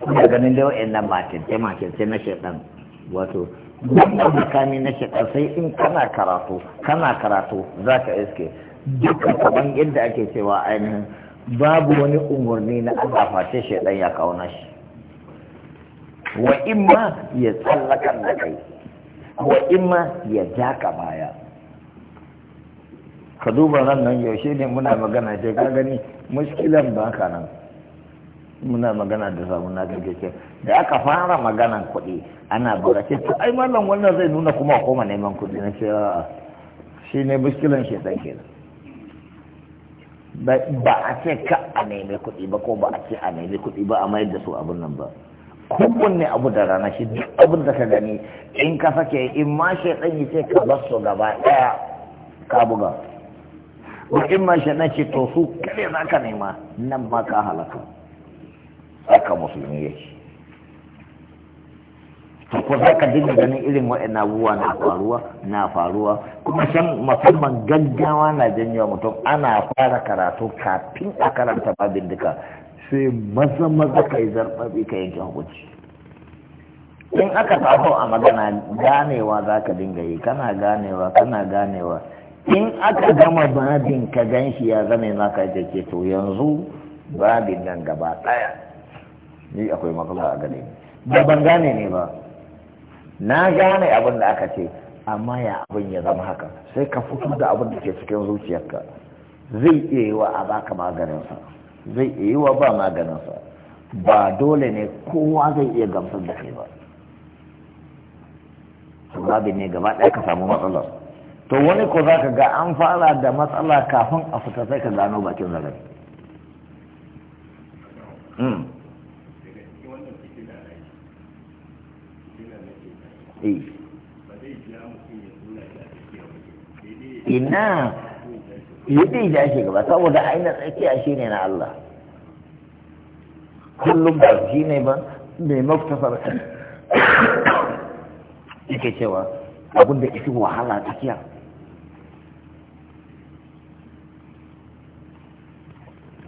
kuma ganin da wa'in nan ma makirce na shaidan wato wannan makami na shaidan sai in kana karatu kana karatu za ka iske duka kaman yadda ake cewa ainihin babu wani umarni na Allah face shaidan ya kawo shi wa imma ya tsallaka da kai wa imma ya ja ka baya ka duba ran nan yaushe ne muna magana sai ka gani muskilan ka nan muna magana da samun na keke. da aka fara maganan kuɗi ana ce to ai mallam wannan zai nuna kuma a koma neman kuɗi na ce shi ne muskilan ɗan ke?' ba a ce ka a nemi kuɗi ba ko ba a ce a nemi kuɗi ba a mayar da su abin nan ba ne abu da rana shi duk abin da ka gani in ka sake in ma ɗan yi ce ka bar su gaba ɗaya ka buga in ma shi ɗan ce to su kare za ka nema nan ma ka halaka aka musulmi yake to ko za ka dinga ganin irin waɗannan abubuwa na faruwa na faruwa kuma san musamman gaggawa na janyo mutum ana fara karatu kafin a karanta babin duka sai maza maza ka yi zarfafi ka yanke hukunci in aka taho a magana ganewa za ka dinga yi kana ganewa kana ganewa in aka gama babin ka gan shi ya zame maka jake to yanzu babin nan gaba ɗaya ni akwai matsala a gare ni ba ban gane ne ba na gane abin da aka ce amma ya abin ya zama haka sai ka fito da abin da ke cikin zuciyarka zai iya yi wa a baka maganinsa zai iya yi wa ba maganinsa ba dole ne kowa zai iya gamsar da kai ba sababin ne gaba ɗaya ka samu matsala to wani ko za ka ga an fara da matsala kafin a fita sai ka gano bakin zagari hmm. ina yadda ya shi gaba saboda aina tsakiya shi ne na Allah kullum ba shi ne ba mai maftasar yake cewa abinda isi wahala tsakiya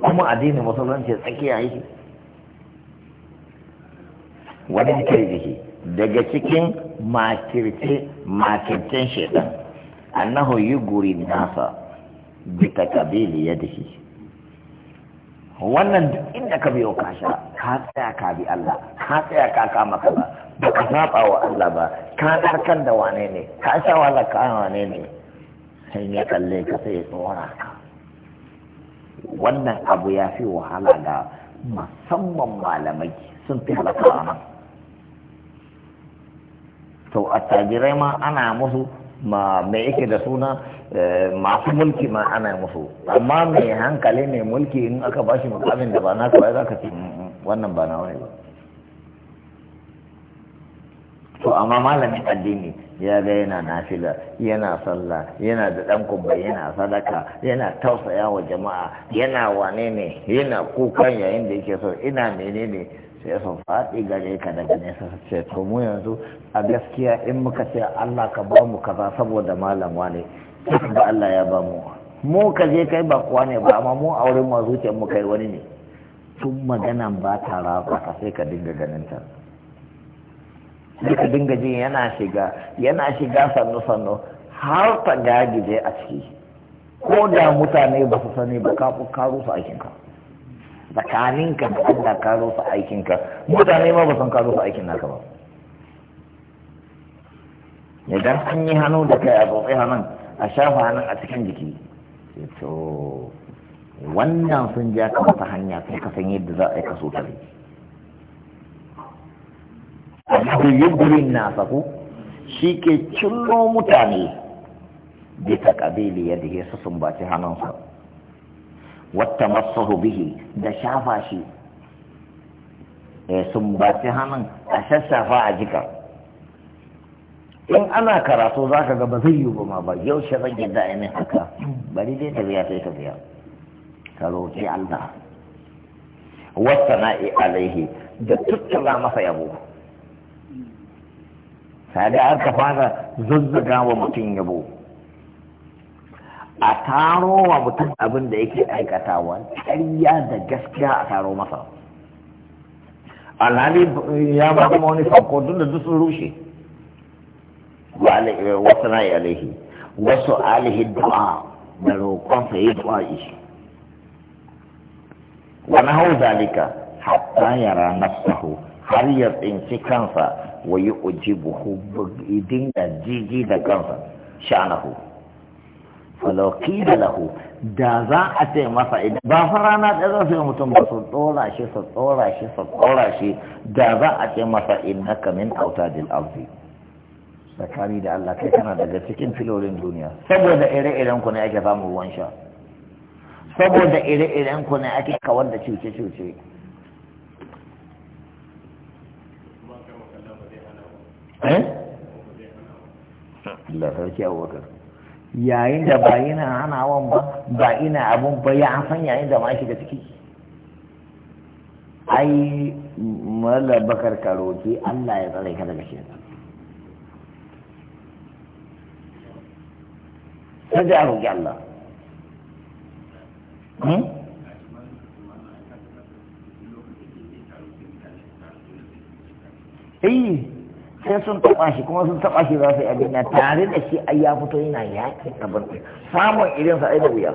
kuma a addinin musulunci tsakiya yake wani kai da shi daga cikin makirce makircen shaitan annahu yuguri nasa bi yadihi wannan duk inda ka biyo kasha ka tsaya ka bi Allah ka tsaya ka kama kaza ba ka saba wa Allah ba ka tsarkan da wane ne ka sha wala ka wane ne sai ya kalle ka sai tsora ka wannan abu ya fi wahala ga musamman malamai sun fi halaka a nan to attajirai ma ana musu ma me yake da suna eh, masu mulki ma ana musu amma mai hankali mai mulki in aka bashi shi mukamin da ba na kawai za ka ce mm, mm, wannan ba na wani ba to amma malamin addini ya ga yana nafila yana sallah yana da dan kubba yana sadaka yana tausaya wa jama'a yana wane ne yana kukan yayin da yake so ina menene sai sun faɗi gare ka daga nesa ce to mu yanzu a gaskiya in muka ce Allah ka ba mu kaza saboda malam wane ba Allah ya ba mu mu ka je kai ba kuwa ne ba amma mu a wurin ma zuciyar mu kai wani ne tun maganan ba ta rafa sai ka dinga ganin ta sai ka dinga jin yana shiga yana shiga sannu sannu har ta gagije a ciki ko da mutane ba su sani ba ka karu su aikinka. ka tsakaninka da Allah ka aikinka mutane ma ba san ka su aikin naka ba idan an yi hannu da kai a tsotsi hannun a shafa hannun a cikin jiki to wannan sun ja ka wata hanya sai ka san yadda za a yi kaso ta amma yugurin na sako shi ke cillo mutane bisa kabili yadda ya sun baci hannunsa wata masu bihi da shafa shi eh, sun baci hannun a sassafa a jika in ana karatu za ka ga ba zai yi ba ba yau shi zan yadda a min haka bari dai tafiya sai tafiya ka roƙi Allah wata na'i alaihi da tuttula masa yabo sai da aka fara zazzaga wa mutum yabo a taro wa mutum abin da yake aikatawa ƙarya da gaskiya a taro masa alhali ya ba kuma wani fanko tun da duk sun rushe wasu na alihi wasu alihi du'a da roƙon sa yi du'a wani hau zalika hatta rana saho har ya tsinci kansa wa yi hu idin da jiji da kansa sha'anahu falauki da lahu da za a ce masa idan ba fa rana ɗaya za su yi mutum ba su tsora shi su tsora shi su tsora shi da za a ce masa innaka min autadil arzi tsakani da Allah kai kana daga cikin filolin duniya saboda ire-iren ku ne ake samun ruwan sha saboda ire-iren ku ne ake kawar da cuce-cuce eh? Allah sarki Abubakar yayin da ba yana hanawan ba ba ina abun ba ya san yayin da ma shiga ciki ai mala bakar karoki Allah ya tsare ka daga shi sai a roƙi Allah hmm? Eh, sai sun taɓa shi kuma sun taɓa shi za su yi abin tare da shi ai ya fito yana yakin abin samun irinsa ai da wuya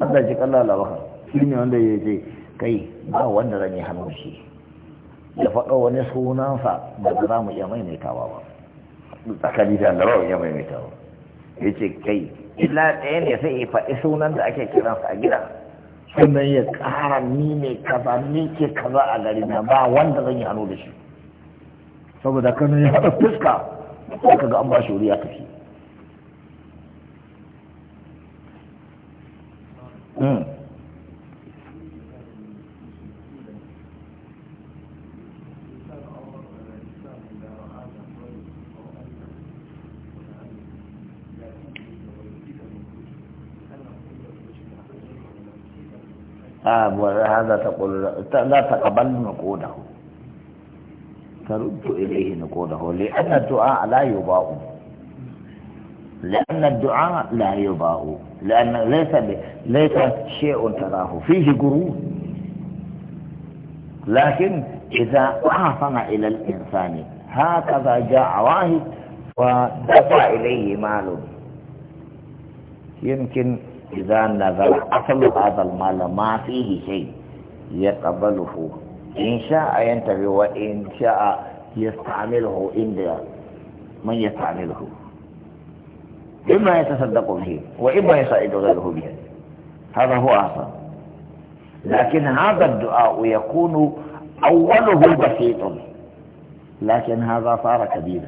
Allah shi kalla labaka shi ne wanda ya ce kai ba wanda zan yi hannun shi ya faɗo wani sunansa da za mu iya maimaitawa ba tsakani da na ba mu iya maimaitawa ya ce kai illa ɗaya ne sai ya faɗi sunan da ake kiransa a gida sannan ya ƙara ni ne kaza ni ke kaza a gari na ba wanda zan yi hannu da shi saboda kano ya haɗa fuska aka ga an ba shi wuri ya tafi هذا تقول لا تقبل نقوده ترد إليه نقوله لأن الدعاء لا يباع لأن الدعاء لا يباع لأن ليس ليس شيء تراه فيه قرون لكن إذا أحسن إلى الإنسان هكذا جاء واحد ودفع إليه مال يمكن إذا نظر أصل هذا المال ما فيه شيء يقبله إن شاء ينتبه وإن شاء يستعمله عند من يستعمله إما يتصدق به وإما يساعد غيره به هذا هو أصلا لكن هذا الدعاء يكون أوله بسيط لكن هذا صار كبيرا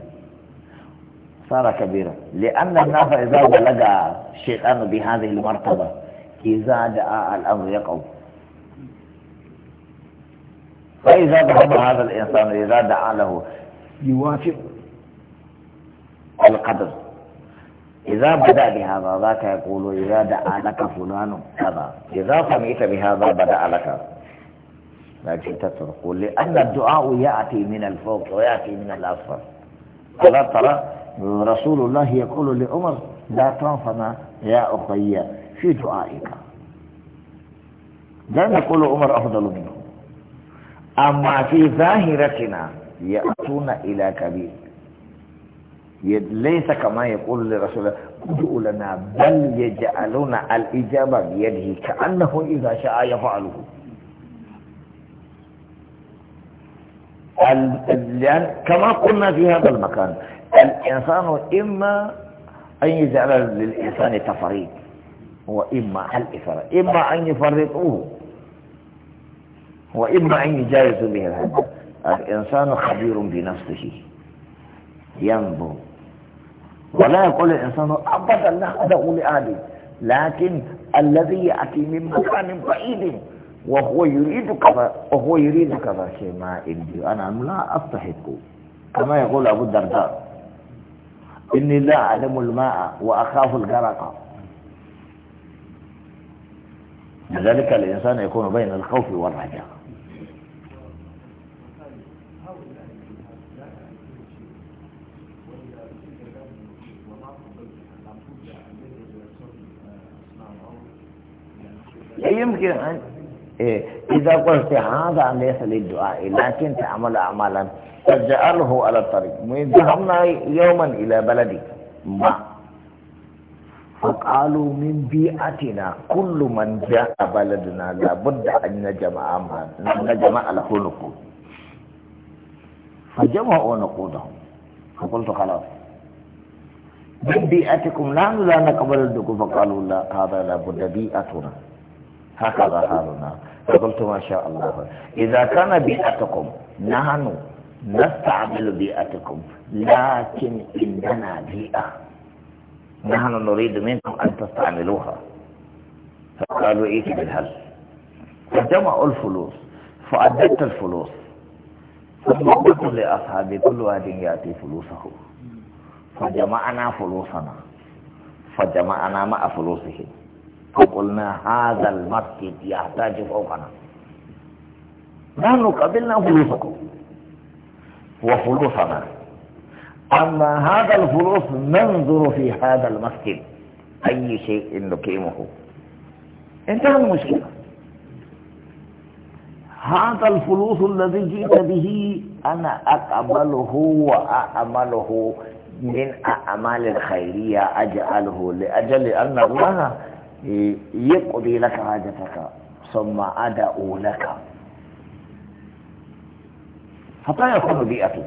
صار كبيرا لأن الناس إذا بلغ الشيطان بهذه المرتبة إذا دعا الأمر يقوم فإذا ذهب هذا الإنسان إذا دعا له يوافق القدر إذا بدأ بهذا ذاك يقول إذا دعا لك فلان كذا إذا سمعت بهذا بدأ لك لكن تترك لأن الدعاء يأتي من الفوق ويأتي من الأسفل ألا ترى رسول الله يقول لعمر لا تنفنا يا أخي في دعائك لا نقول عمر أفضل منه أما في ظاهرتنا يأتون إلى كبير ليس كما يقول لرسول الله ادعوا لنا بل يجعلون الإجابة بيده كأنه إذا شاء يفعله كما قلنا في هذا المكان الإنسان إما أن يجعل للإنسان تفريط وإما الإفراء إما أن يفرطوه وإما أن جائز به الحد الإنسان خبير بنفسه ينظر ولا يقول الإنسان أبدا لا أدعو لآله لكن الذي يأتي من مكان بعيد وهو يريد كذا وهو يريد كذا شيء ما عندي أنا لا أستحق كما يقول أبو الدرداء إني لا أعلم الماء وأخاف الغرق لذلك الإنسان يكون بين الخوف والرجاء هؤلاء لا يعرفون شيء وإذا أرسل لهم وما قبلت أن أقول أن يجب أصنع لا يمكن أن إيه، إذا قلت هذا ليس للدعاء لكن تعمل أعمالا فجعله على الطريق ذهبنا يوما إلى بلدي ما فقالوا من بيئتنا كل من جاء بلدنا لابد أن نجمع نجمع له نقود فجمعوا نقودهم فقلت خلاص من بيئتكم نحن لا نقبل لكم فقالوا لا هذا لابد بيئتنا هكذا حالنا فقلت ما شاء الله إذا كان بيئتكم نحن نستعمل بيئتكم لكن إننا بيئة نحن نريد منكم أن تستعملوها فقالوا ايش بالهل فجمعوا الفلوس فأددت الفلوس ثم قلت لأصحابي كل واحد يأتي فلوسه فجمعنا فلوسنا فجمعنا مع فلوسه فقلنا هذا المسجد يحتاج فوقنا نحن قبلنا فلوسكم وفلوسنا أما هذا الفلوس ننظر في هذا المسجد أي شيء نقيمه انتهى المشكلة هذا الفلوس الذي جئت به أنا أقبله وأعمله من أعمال الخيرية أجعله لأجل أن الله يقضي لك حاجتك ثم أدعو لك حتى يكون بيئته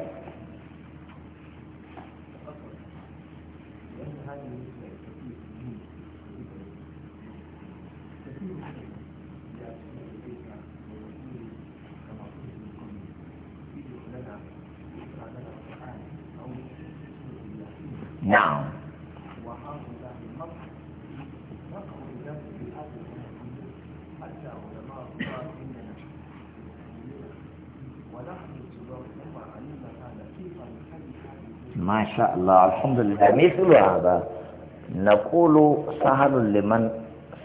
شاء الله الحمد لله مثل هذا نقول سهل لمن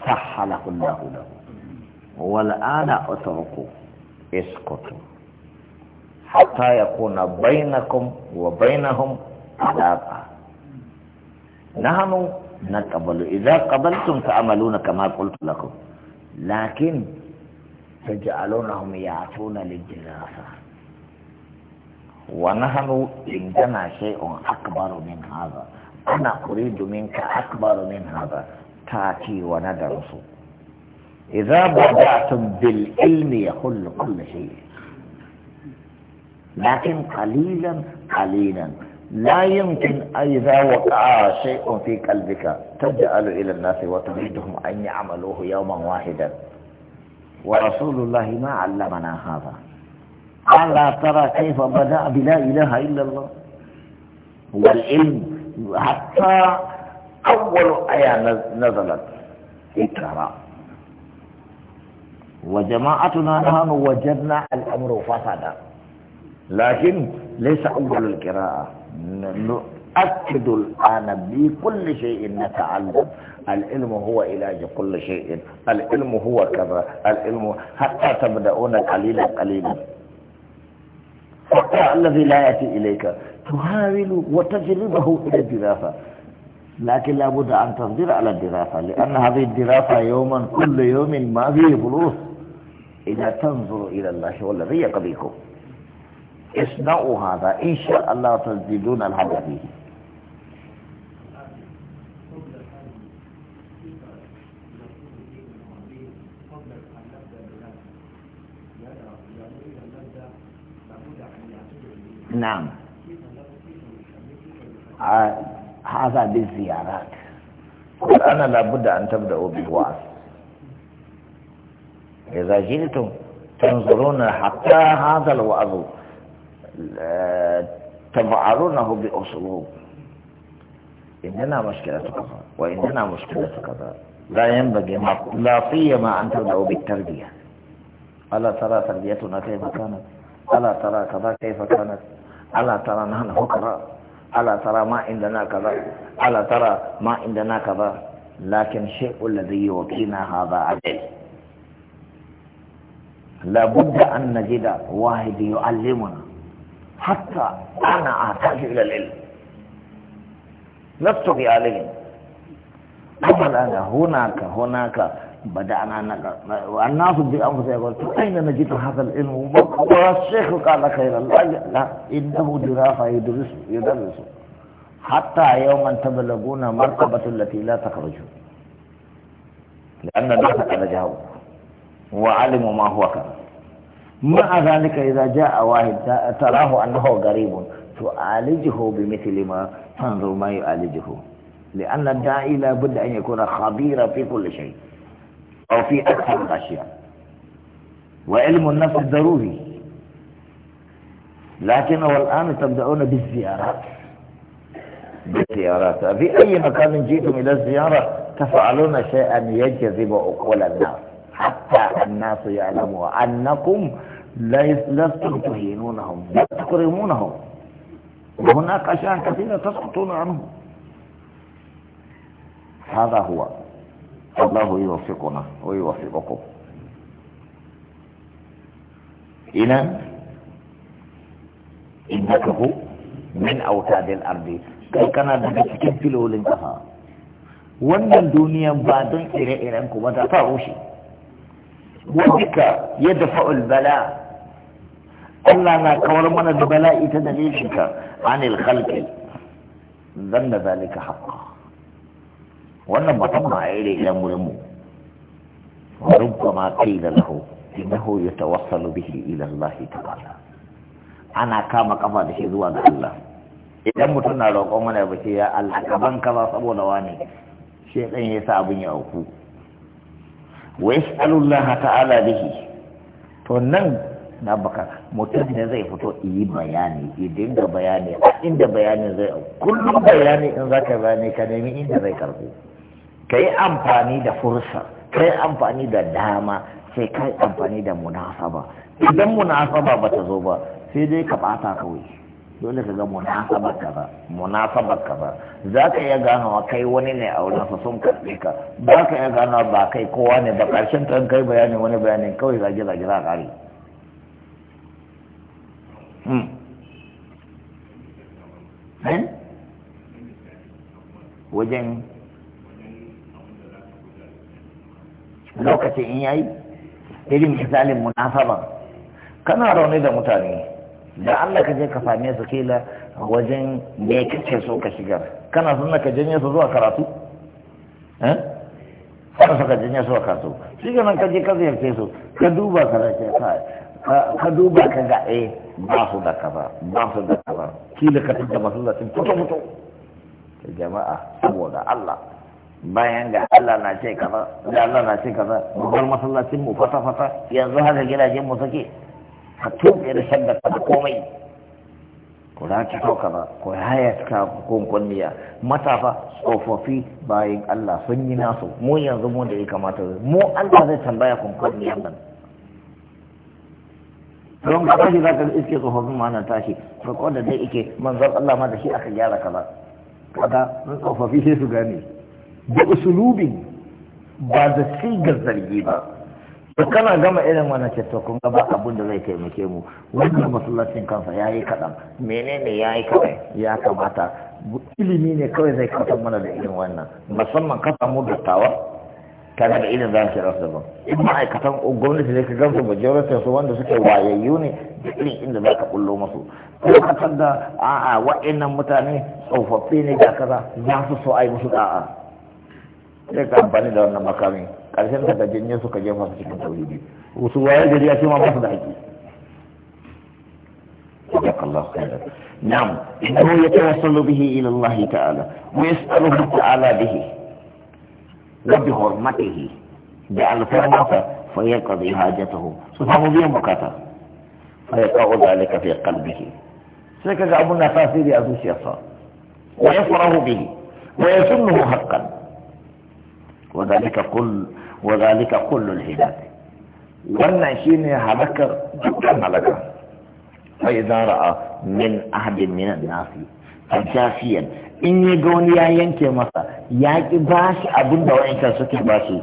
صح له الله له والآن اتركوا اسكتوا حتى يكون بينكم وبينهم علاقة نحن نقبل إذا قبلتم تعملون كما قلت لكم لكن تجعلونهم يعطون للجنازة ونحن عندنا شيء أكبر من هذا أنا أريد منك أكبر من هذا تأتي وندرس إذا بدأتم بالعلم يقول كل شيء لكن قليلا قليلا لا يمكن إذا وقع شيء في قلبك تجعل إلى الناس وتريدهم أن يعملوه يوما واحدا ورسول الله ما علمنا هذا ألا ترى كيف بدأ بلا إله إلا الله والعلم حتى أول آية نزلت اقرأ وجماعتنا نحن وجدنا الأمر فسدا لكن ليس أول القراءة نؤكد الآن بكل شيء نتعلم العلم هو علاج كل شيء العلم هو كذا العلم حتى تبدأون قليلا قليلا اقرأ الذي لا يأتي إليك تحاول وتجلبه إلى الدراسة لكن لابد أن تصبر على الدراسة لأن هذه الدراسة يوما كل يوم ما فيه فلوس إذا تنظر إلى الله والذي يقضيكم اصنعوا هذا إن شاء الله تزيدون الهدى فيه نعم آه، هذا بالزيارات قل انا لابد أن تبدأوا بالوعظ إذا جئتم تنظرون حتى هذا الوعظ آه، تفعلونه بأسلوب إننا مشكلة كذا وإننا مشكلة كذا لا ينبغي لا سيما أن تبدأوا بالتربية ألا ترى تربيتنا كيف كانت ألا ترى كذا كيف كانت ألا ترى نحن فقراء ألا ترى ما عندنا كذا ألا ترى ما عندنا كذا لكن شيء الذي يعطينا هذا عدل لابد أن نجد واحد يعلمنا حتى أنا أحتاج إلى العلم لست بعالم أما الآن هناك هناك بدأنا نقل والناس بأنفسهم يقول أين نجد هذا العلم والشيخ قال خير لا لا إنه دراسة يدرس يدرس حتى يوما تبلغون مرتبة التي لا تخرج لأن الناس قد جاءوا وعلموا ما هو كذا مع ذلك إذا جاء واحد تراه أنه غريب تعالجه بمثل ما تنظر ما يعالجه لأن الداعي لابد أن يكون خبيرا في كل شيء أو في أكثر الأشياء وعلم النفس ضروري لكن الآن تبدأون بالزيارات بالزيارات في أي مكان جئتم إلى الزيارة تفعلون شيئا يجذب عقول الناس حتى الناس يعلموا أنكم لستم تهينونهم لا تكرمونهم وهناك أشياء كثيرة تسقطون عنهم هذا هو الله يوفقنا ويوفقكم إلى إنكه من أوتاد الأرض كي كان ذلك كيف لولنها وان الدنيا بعد إلى إيرانك ودفعوش وبك يدفع البلاء الله لا كور من البلاء تدليلك عن الخلق ذن ذلك حقا wannan mutum na a yi idan wurin mu وربما قيل له yatawassalu bihi ila Allah ta'ala ana kama kafa da shi zuwa ga Allah idan mutum na roƙon wani abu ce ya Allah ka ban kaza saboda wani shedan ya sa abin ya auku wa Allah ta'ala bihi to nan na baka mutum ne zai fito yi bayani idan ga bayani a inda bayanin zai auku kullum bayani in zaka bayani ka nemi inda zai karbo ka yi amfani da fursa ka yi amfani da dama sai ka yi amfani da munasaba idan munasaba ba ta zo ba sai dai ka bata kawai dole ka ga munasabar ka ba munasabar ka ba za ka iya ganawa kai wani ne a wurin su sun karɓe ka ba ka iya ganawa ba kai kowa ne ba ƙarshen kan kai bayanin wani bayanin kawai zage zage za a kare hmm. eh? wajen lokacin in yayi irin misalin munafaban kana rauni da mutane da Allah ka je ka same su kila wajen me kake so ka shigar kana sunna ka janye su zuwa karatu eh kana so ka janye su zuwa karatu shi ga nan ka je ka ziyarce su ka duba ka race ka ka duba ka ga eh ba su da kaza ba su da kaza kila ka tada masallacin kuto mutu jama'a saboda Allah bayan ga Allah na ce kaza da Allah na ce kaza mu masallacin mu fata fata yanzu haka gidajen mu sake ka tuke da ka da komai ko da ka kauka ba ko haya ka ko kunniya matafa tsofaffi bayan Allah sun yi nasu mu yanzu mu da ya kamata mu Allah zai tambaya kun kunniya nan don ka tashi za ka iske tsofaffin ma na tashi farko da dai ike manzon Allah ma da shi aka gyara kaza kada tsofaffi sai su gane da usulubin ba da ga zargi ba da kana gama irin wannan ceto kun ga abin da zai taimake mu wannan masallacin kansa ya yi kaɗan menene ya yi kaɗan ya kamata ilimi ne kawai zai kasan mana da irin wannan musamman mu da dattawa tare da irin zaki kira ba in ma'aikatan gwamnati ne ka gamsu majalisar su wanda suke wayayyu ne da irin inda za ka bullo masu. ko ka da a'a wa'annan mutane tsofaffi ne ga kaza za su so a yi musu da'a sai ka amfani da wannan makamin da suka cikin wasu waye gari ya ce ma da haƙi نعم إنه يتوصل به إلى الله تعالى ويسأله تعالى به وبحرمته جعل فرمته فيقضي حاجته سبحانه بيوم بكاته فيقع ذلك في قلبه سيكا أبونا فاسيري أزوشي أصار ويفره به ويسنه حقا وذلك كل وذلك كل الهلاك وانه شيني هلك جدا فإذا رأى من أحد من الناس فجاسيا إن يقول يا ينكي مصا يا كباس أبن دواء إن كان سكي باسي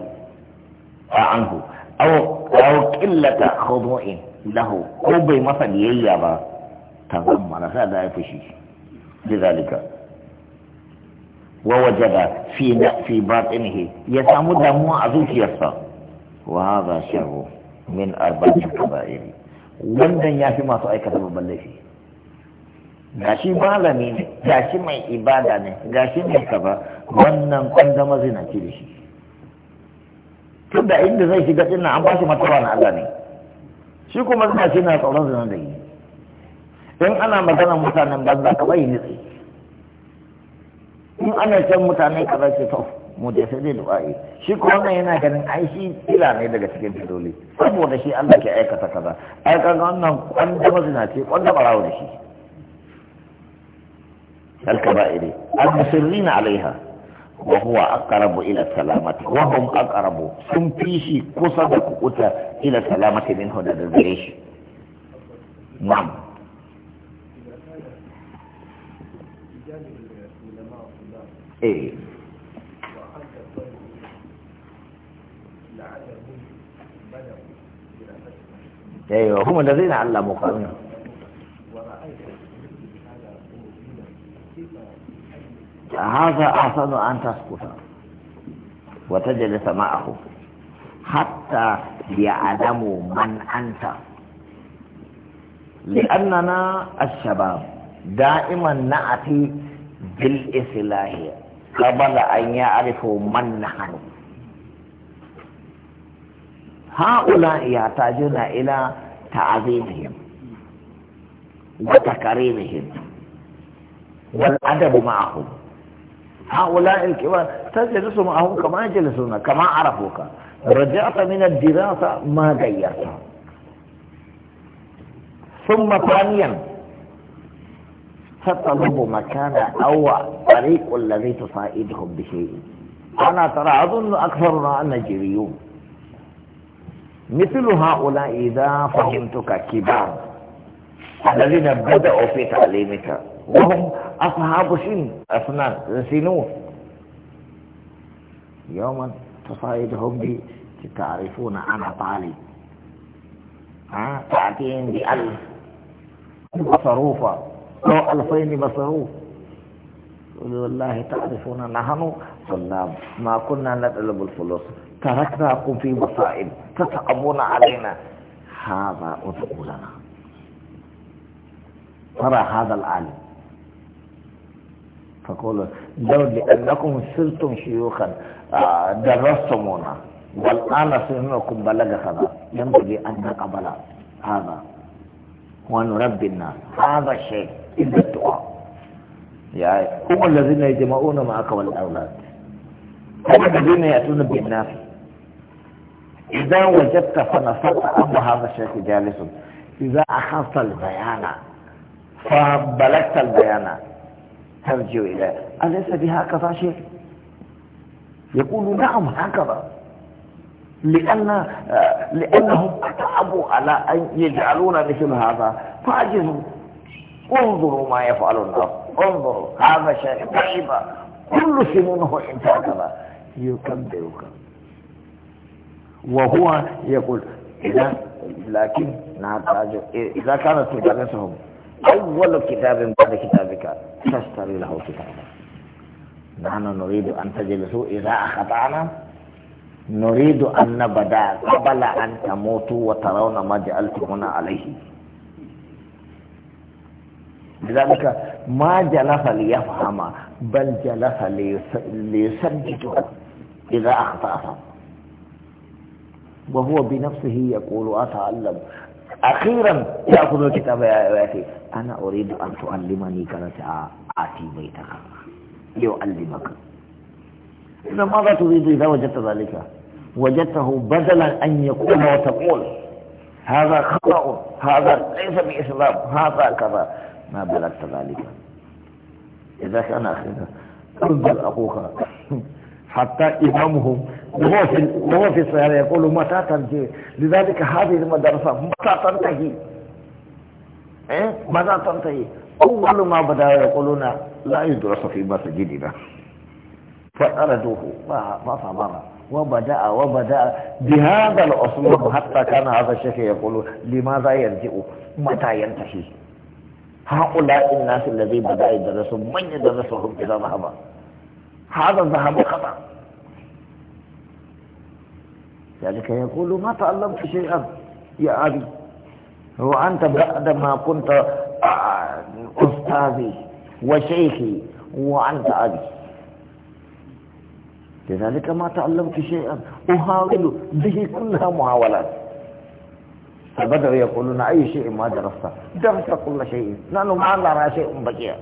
فعنه أو أو قله خضوع له قوبي مصا ليه يا هذا تغمى يفشي لذلك wa wajada fi fi batinihi ya samu damuwa a zuciyarsa wa haza sharru min arba'in kaba'ir wannan ya fi masu aikata babban laifi gashi malami ne gashi mai ibada ne gashi mai kaba. wannan kwan zama zinaci da shi tunda inda zai shiga tsina an ba shi matawa na Allah ne shi kuma zinaci na tsoron zina da yi in ana maganar mutanen banza ka yi tsaye in ana can mutane kaza ce to mu da sai dai du'a'i shi ko wannan yana ganin ai shi kila ne daga cikin fidoli saboda shi Allah ke aikata kaza ai kaga wannan kwanda mazina ce kwanda barawo da shi الكبائر المصرين عليها وهو أقرب sun السلامة وهم أقرب ثم فيشي ila كؤتا min السلامة منه لدى نعم ايه ايوه هم الذين علموا قانون هذا احسن ان تسكت وتجلس معه حتى يعلموا من انت لاننا الشباب دائما ناتي بالاصلاحيه قبل أن يعرفوا من نحن هؤلاء يحتاجون إلى تعظيمهم وتكريمهم والأدب معهم هؤلاء الكبار تجلس معهم كما يجلسون كما عرفوك رجعت من الدراسة ما غيرت ثم ثانيا تطلب مكان أو طريق الذي تصائدهم به أنا ترى أظن أكثرنا النيجيريون مثل هؤلاء إذا فهمتك كبار الذين بدأوا في تعليمك وهم أصحاب سن أسنان سنون يوما تصايدهم بي تعرفون أنا طالب ها تأتيهم بألف وصروفه أو ألفين مصروف قل والله تعرفون نحن طلاب ما كنا نطلب الفلوس تركناكم في مصائب تتعبون علينا هذا ادعوا لنا ترى هذا العالم فقولوا لو لأنكم صرتم شيوخا آه، درستمونا والآن سنكم بلغ كذا ينبغي أن نقبل هذا ونربي الناس هذا الشيء إلا الدعاء يعني هم الذين يجمعون معك والأولاد هم الذين يأتون بالناس إذا وجدت فنصرت أمر هذا الشيء جالس إذا أخذت البيان فبلغت البيان ترجع إليه أليس بهكذا شيء يقول نعم هكذا لأن لأنهم تعبوا على أن يجعلون مثل هذا فاجزوا انظروا ما يفعل الناس انظروا هذا شيء طيب كل سنونه هكذا يكبرك وهو يقول إذا لكن نحتاج إذا كانت تدرسهم أول كتاب بعد كتابك تشتري له كتابا نحن نريد أن تجلسوا إذا أخطأنا نريد أن نبدا قبل أن تموتوا وترون ما هنا عليه لذلك ما جلس ليفهم بل جلس ليسدد إذا أخطأ وهو بنفسه يقول أتعلم أخيرا يأخذ الكتاب ويأتي أنا أريد أن تعلمني كما آتي بيتك لأعلمك إذا ماذا تريد إذا وجدت ذلك؟ وجدته بدلا أن يقوم وتقول هذا خطأ هذا ليس بإسلام هذا كذا ما بلغت ذلك إذا كان أخذ انزل أخوك حتى إمامهم وهو في وهو في السيارة يقول متى تنتهي لذلك هذه المدرسة متى تنتهي إيه؟ متى تنتهي أول ما بدأ يقولون لا يدرس في مسجدنا فأردوه ما ما صبر وبدأ وبدأ بهذا الأسلوب حتى كان هذا الشيخ يقول لماذا يرجع متى ينتهي هؤلاء الناس الذين بدأ يدرسهم من يدرسهم إذا ذهب هذا الذهب خطأ ذلك يقول ما تعلمت شيئا يا أبي وأنت بعدما كنت آه، أستاذي وشيخي وأنت أبي لذلك ما تعلمت شيئا أحاول به كلها محاولات فبدأوا يقولون أي شيء ما درسته درست كل شيء نحن ما نرى شيء بقي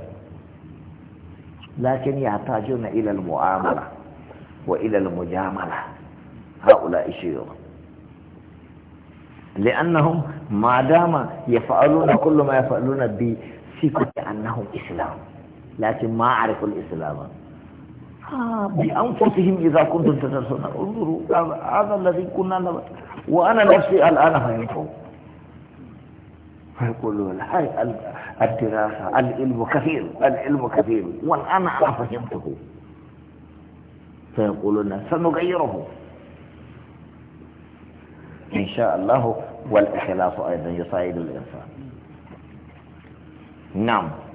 لكن يحتاجون إلى المعاملة وإلى المجاملة هؤلاء الشيوخ لأنهم ما دام يفعلون كل ما يفعلون بثقة أنهم إسلام لكن ما عرفوا الإسلام بأنفسهم إذا كنتم تدرسون انظروا هذا الذي كنا نبقى. وأنا نفسي الآن هينفو فيقولوا هاي الدراسة العلم كثير العلم كثير والآن أنا فهمته فيقولون سنغيره إن شاء الله والإخلاص أيضا يساعد الإنسان نعم